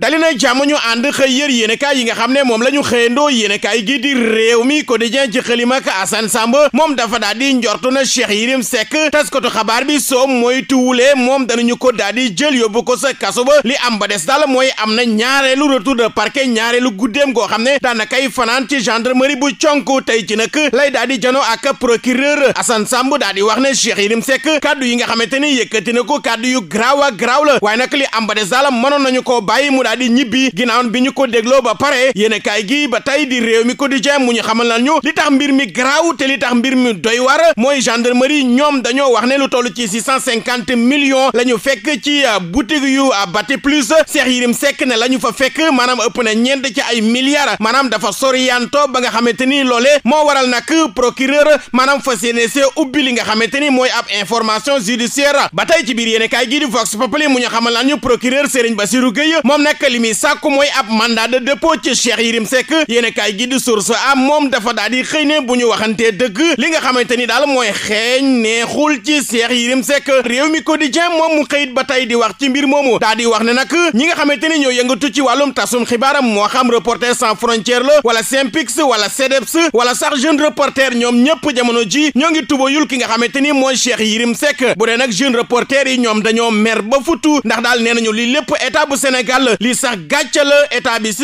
dali na jàmm ñu ànd xëy yër yéenekaay yi nga xam ne moom la ñu xëyandoo yéenekaay gi di réew mi quotidien ci xëlim ak Assane Samb moom dafa daal di njortu na Cheikh Yérim Seck taskatu xabaar bi soo mooy tuwulee moom danañu ko daal di jël yóbbu ko sa kaso ba li am ba de daal mooy am na ñaareelu retour de parquet ñaareelu guddeem goo xam ne daanakay fanaan ci gendarmerie bu conk tey ci nag lay daal di jano ak procureur Assane Samb daal di wax ne Cheikh Yérim Seck kaddu yi nga xamante ni yëkkati na ko kaddu yu graaw a graaw la waaye nag li am ba des daal nañu koo daal di ñibbi ginnaaw bi ñu ko dégloo ba pare yéene kaay gi ba tey di réew mi quotidien mu ñu xamal nañu li tax mbir mi garaaw te li tax mbir mi doy war mooy gendarmerie ñoom dañoo wax ne lu toll ci six cent cinquante millions la ñu fekk ci euh, boutique yu euh, Bati Plus Cheikh Yérim sekk na la ñu fa fekk maanaam ëpp na ñeent ci ay milliards maanaam dafa soriyanto ba nga xamante ni loolee moo waral nag procureur maanaam fa CNC ubbi li nga xamante ni mooy ab information judiciaire ba tey ci biir yéene kaay gi di Vox Populi mu ñu xamal nañu nag li muy sàkku mooy ab mandat de dépôt ci Cheikh Yérim Seck yéen kaay gi di source a moom dafa daal di xëy ne bu ñu waxantee dëgg li nga xamante ni daal mooy xeeñ neexul ci Cheikh Yérim Seck réew mi ko quotidien moom mu xëyit ba tey di wax ci mbir moomu daal di wax ne nag ñi nga xamante ni ñoo yëngatu ci wàllum tasum xibaaram moo xam reporter sans frontière la wala Synpics wala CDEPS wala sax jeune reporter ñoom ñëpp jamono ji ñoo ngi tubayul ki nga xamante ni mooy Cheikh Yérim Seck bu dee yi ñoom dañoo mer ba futu ndax lii sax gàcce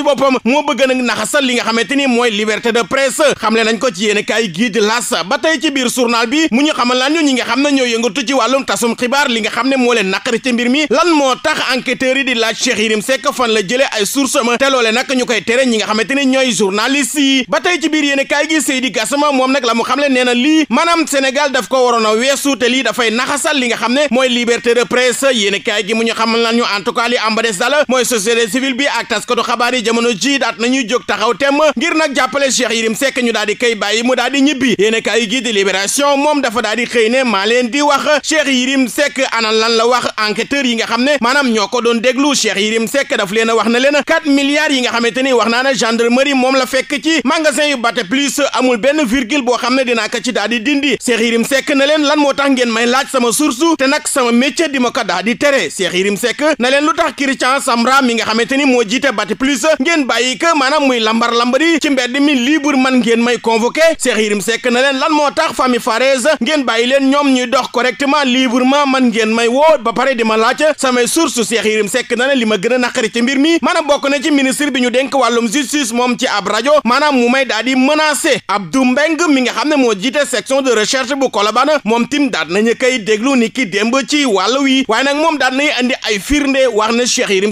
boppam moo bëgg naxasal li nga mooy liberté de presse xamle nañ ko ci yéen kaay gii las ba tey ci biir journal bi mu ñu xamal ñu ñi ne ñoo yëngatu ci wàllum tasum xibaar li ne moo leen naqari ci mbir mi lan moo tax enquêteurs yi di laaj Cheikh Yérim fan la jëlee ay source ma te loole nag ñu koy tere ñi nga xamante ni ñooy journaliste yi ci biir yéen kaay gi Seydi Gassama moom nag la mu a xam ne mooy société civile bi ak taskatu xabaar yi jamono ji daat nañuy jóg taxaw temm ngir nag jàppale Cheikh Yérim Seck ñu daal di bàyyi mu daal ñibbi yéen ka yi gii moom dafa daal xëy ne maa leen di wax Cheikh Yérim Seck ana lan la wax enquêteur yi nga xam ne maanaam ñoo ko doon déglu Cheikh Yérim Seck daf leen a wax na leen quatre milliards yi nga xamante ni wax naa ne gendarmerie moom la fekk ci magasin yu Bate Plus amul benn virgule boo xam ne dinaa ko ci daal leen lan moo tax ngeen may ma ko daal di tere Cheikh Yérim Seck na leen nga xamante ni moo jiite bati plus ngeen bàyyi que maanaam muy lambar lambari ci mbedd mi libre man ngeen may convoqué Cheikh Yérim na leen lan moo tax famille Farès ngeen bàyyi leen ñoom ñuy dox correctement librement man ngeen may woo ba di ma laaj samay source Cheikh Yérim na li ma gën a naqari ci mbir mi maanaam bokk na ci ministre bi ñu dénk wàllum justice moom ci ab rajo mu may daal di menacé Abdou Mbeng mi nga xam ne moo jiite section de recherche bu Colobane moom tim daat ni ki démb ci wàll wi waaye nag na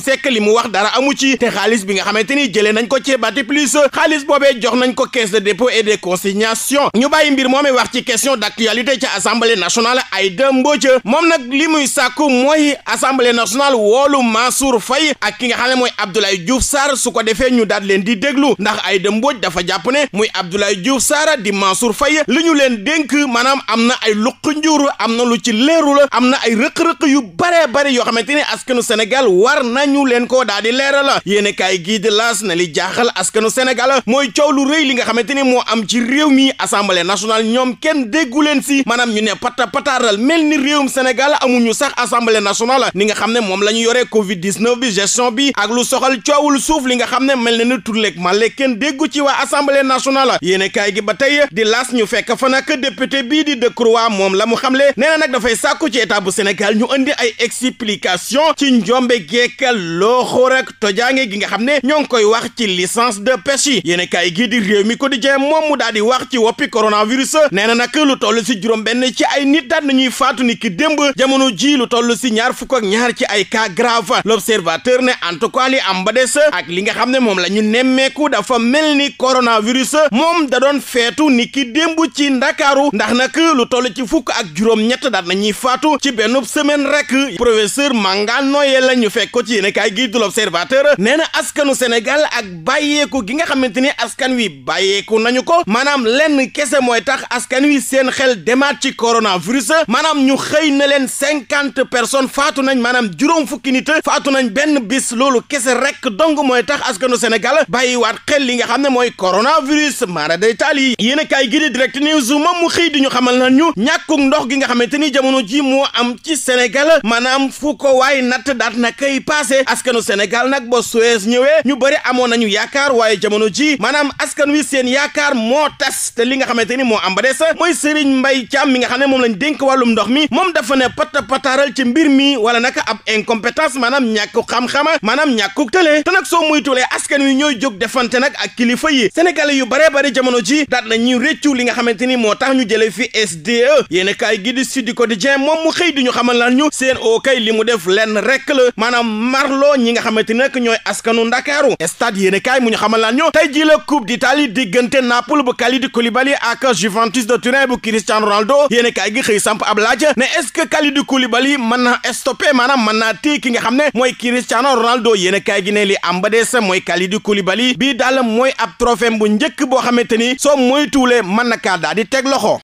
Cheikh mu wax dara amu ci te xaalis bi nga xamante ni jëlee nañ ko ci bati plus xaalis boobee jox nañ ko caisse de dépôt et de consignation ñu bàyyi mbir moomee wax ci question d'actualité ca assemblée nationale Aïda Mbodj moom nag li muy sàkku mooy assemblée nationale woolu Mansour fay ak ki nga xam ne mooy Abdoulaye Diouf Sarr su ko defee ñu daal leen di déglu ndax Aïda Mbodj dafa jàpp ne muy Abdoulaye Diouf saara di Mansour Faye lu ñu leen dénk maanaam am na ay luq njur am na lu ci leerul am na ay rëq-rëq yu bare bare yoo xamante ni askanu Sénégal ko di leeral la yéen kaay gii di laas na li jaaxal askanu Sénégal mooy coow lu rëy li nga xamante ni moo am ci réew mi assemblée nationale ñoom kenn déggu leen si maanaam ñu ne pata pataaral mel ni réewum Sénégal amuñu sax assemblée nationale ni nga xam ne moom la ñu yoree Covid 19 bi gestion bi ak lu soxal coowul suuf li nga xam ne mel na ni turleeg male kenn déggu ci waa assemblée nationale yéen kaay gi ba tey di laas ñu fekk fa nag député bii di Decroix moom la mu xamle nee na nag dafay sàkku ci état bu Sénégal ñu indi ay explication ci njombe geeka loox xóor ak tojaange gi nga xam ne ñoo ngi koy wax ci licence de pêche yi yéen a kaay gii di réew moom mu daal di wax ci woppi coronavirus nee na nag lu toll si juróom benn ci ay nit daan nañuy faatu ni ki démb jamono ji lu toll si ñaar fukk ak ñaar ci ay cas grave l'observateur ne en tout cas li am ba des ak li nga xam ne moom la ñu nemmeeku dafa mel ni coronavirus moom da doon feetu ni ki démb ci ndakaaru ndax nag lu toll ci fukk ak juróom-ñett daan nañuy faatu ci benn semaine rek professeur a l'observateur nee na askanu Sénégal ak bàyyeeku gi nga xamante ni askan wi bàyyeeku nañu ko maanaam lenn kese mooy tax askan wi seen xel demaat ci coronavirus maanaam ñu xëy na leen cinquante personnes faatu nañ maanaam juróom fukki nit faatu nañ benn bis loolu kese rek dong mooy tax askanu Sénégal bàyyiwaat xel li nga xam ne mooy coronavirus mara day taal yi yéen a kaay gi di direct news moom mu xëy di ñu xamal na ñu ñàkkug ndox gi nga xamante ni jamono ji moo am ci Sénégal maanaam fu waay natt daat na kay paase askanu Sénégal Sénégal nag ba Suez ñëwee ñu bëri amoon nañu yaakaar waaye jamono ji maanaam askan wi seen yaakaar moo tas te li nga xamante ni moo am ba des mooy Serigne Mbaye Thiam mi nga xam ne moom lañ dénk wàllum ndox mi moom dafa ne pat pataaral ci mbir mi wala naka ab incompétence maanaam ñàkku xam-xama maanaam ñàkku tële te nag soo muytulee askan wi ñooy jóg defante nag ak kilifa yi sénégalais yu bare bare jamono ji daat na ñuy réccu li nga xamante ni moo tax ñu jëlee fi SDE yéen kaay gi di Sud moom mu xëy di ñu xamal lan ñu seen o kay li mu def lenn rek maanaam marloo xamante ne nag ñooy askanu ndakaaru stade yéen kaay mu ñu xamal laan ñoo tey ji la coupe di diggante Naples bu Kalidou Koulibaly ak Juventus de Turin bu Cristiano Ronaldo yéen kaay gi xëy samp ab laaj ne est-ce que Kalidou na stoppé maanaam mën naa téye ki nga xam ne mooy Cristiano Ronaldo yéen kaay gi ne li am ba des mooy Kalidou Koulibaly bii daal mooy ab trophée bu njëkk boo xamante ni soo moytuwulee mën na kaa daal di teg loxo